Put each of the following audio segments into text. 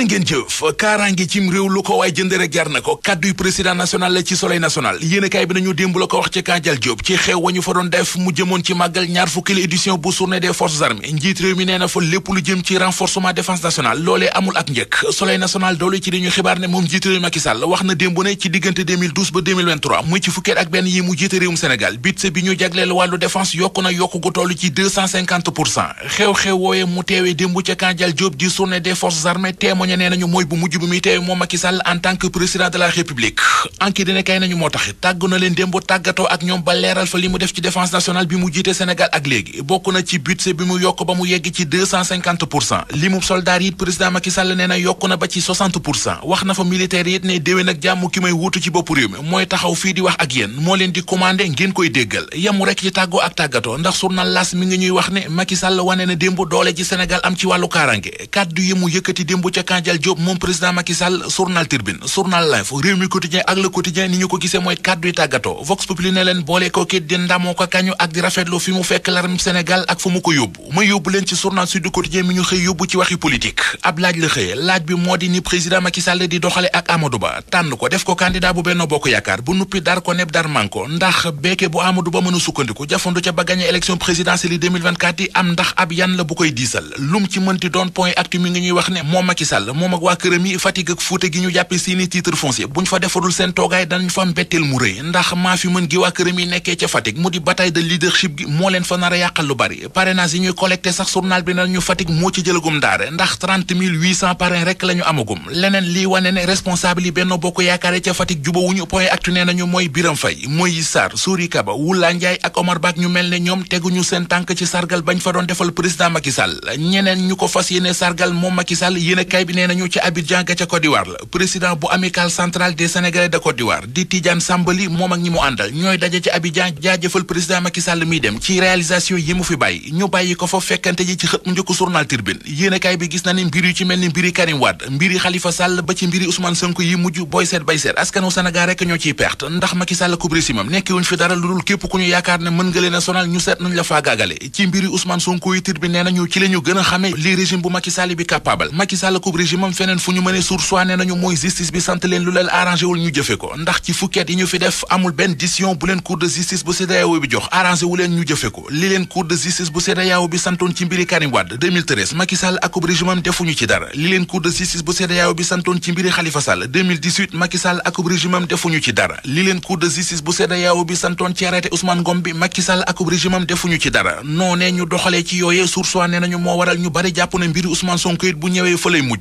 jërë ngeen njiit réew mi nee fa lépp lu jëm ci renforcement défense nationale loolee amul ak njëkk soleil national doole ci dañu xibaar ne moom njiit réew Macky wax na démb ne ci diggante ba muy ci fukkeet ak benn yi mu jiite réewum Sénégal budget bi ñu jagleel wàllu défense yokku na yokku gu toll ci xew-xew wooye mu teewee démb ca kanjal Diop di journée des forces armées témoigne ñooñu nee nañu mooy bu mujj bu muy teew moom Macky Sall en tant que président de la République enquête dina nañu moo taxit tàgg na leen démb tàggatoo ak ñoom ba leeral fa li mu def ci défense nationale bi mu jiite Sénégal ak léegi bokk na ci budget bi mu yokk ba mu yegg ci 250 pour cent li mu soldaar yi président Macky Sall nee na yokk na ba ci 60 pour cent wax na fa militaire yi ne déwén ak jàmm ki may wuutu ci bopp réew mi mooy taxaw fii di wax ak yéen moo leen di commandé ngeen koy déggal yamu rek ci tàggoo ak tàggatoo ndax journal las mi ngi ñuy wax ne Macky Sall wane na doole ji Sénégal am ci wàllu kaarange kàddu yi mu yëkkati démb Cheikh moom président Macky Sall journal Tribune journal L'Info réew mi quotidien ak le quotidien ni ñu ko gisee mooy kàddu tàggatoo Vox Populi ne boole ko kit di ndamoo ko kañu ak di rafetlu fi mu fekk l'armée Sénégal ak fu mu ko yóbbu ma yóbbu leen ci journal Sud Quotidien mi ñu xëy yóbbu ci waxi politique ab laaj la xëye laaj bi moo di ni président Macky di doxale ak Amadou Ba tànn ko def ko candidat bu Benno Bokk Yaakaar bu nuppi dar ko neb dar Sall moom ak waa këram yi Fatick ak Fuuta gi ñu jàppe seeni titre foncier buñ fa defarul seen toogaay danañ fa mbetteel mu rëy ndax maa fi mën gi waa këram yi nekkee ca Fatick mu di bataille de leadership gi moo leen fa nar a yàqal lu bari parrainage yi ñuy collecté sax journal bi na ñu Fatick moo ci jëlagum ndaare ndax 30 800 parrain amagum leneen lii wane ne responsable yi Benno Bokk Yaakaar ca Fatick jubawuñu point actu nee nañu mooy Biram Fay Moïse Sarr Souri bi nee nañu ci Abidjan ga ca d'Ivoire président bu amicale centrale des Sénégalais de Côte d'Ivoire di Tidiane Sambali moom ak ñi mu àndal ñooy daje ci Abidjan jaajëfal président Macky Sall dem ci réalisation yi mu fi bàyyi ñu bàyyi ko fa fekkante ji ci xët mu njëkk journal Tribune yéenekaay bi gis na ni mbir yu ci mel ni mbiri Karim mbiri Khalifa Sall ba ci mbiri Ousmane Sonko yi mujj booy seet bay seet askanu Sénégal rek ñoo ciy perte ndax Macky régime feneen fu ñu mënee sur ne nañu mooy justice bi sant leen lu leen arrangé ñu jëfe ko ndax ci fukkeet yi ñu fi def amul benn décision bu leen cour de justice bu CEDEAO bi bi santoon ci mbiri Karim Wade 2013 Macky defuñu ci dara li leen cour de justice bu CEDEAO bi santoon ci mbiri Khalifa Sall 2018 Macky Sall defuñu ci dara li leen cour de justice bu CEDEAO bi santoon ci arrêté Ousmane Ngom bi Macky Sall ak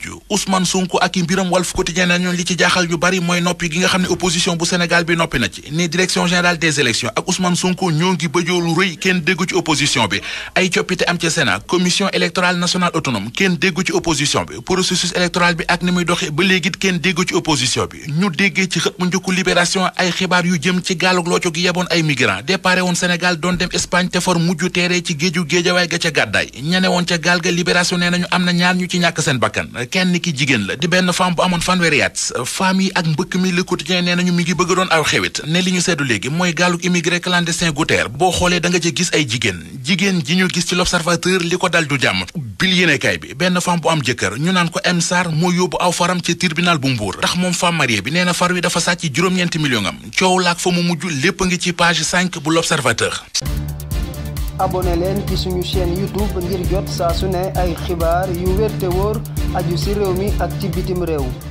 mujj Ousmane ak i mbiram Walf Quotidien na ñoon li ci jaaxal ñu bari mooy noppi gi nga xam ne opposition bu Sénégal bi noppi na ci ne direction générale des élections ak Ousmane Sonko ñoo ngi bëjoo rëy kenn déggu ci opposition bi ay coppite am ci Sénat commission électorale nationale autonome kenn déggu ci opposition bi processus électoral bi ak ni muy doxee ba léegi kenn déggu ci opposition bi ñu déggee ci xët mu njëkku libération ay xibaar yu jëm ci gaalug ga ca gàddaay ñane woon ca gaal ga libération nee kenn ki jigéen la di benn femme bu amoon fanweeri at yi ak mbëkk mi Le Quotidien nee nañu mi ngi bëgg doon aw xewit ne li ñu seetu léegi mooy gaalug immigré clandestin gu boo xoolee da nga ci gis ay jigéen ji ñu gis ci l'Observateur li ko dal du jàmm bil yéenekaay bi benn femme bu am jëkkër ñu naan ko M Sarr moo yóbbu aw faram ci tribunal bu Mbuur tax moom femme mariée bi nee far wi dafa sàcc juróom-ñeenti million coow laak fa mu mujj lépp a aju ci réew mi ak ci bitim réew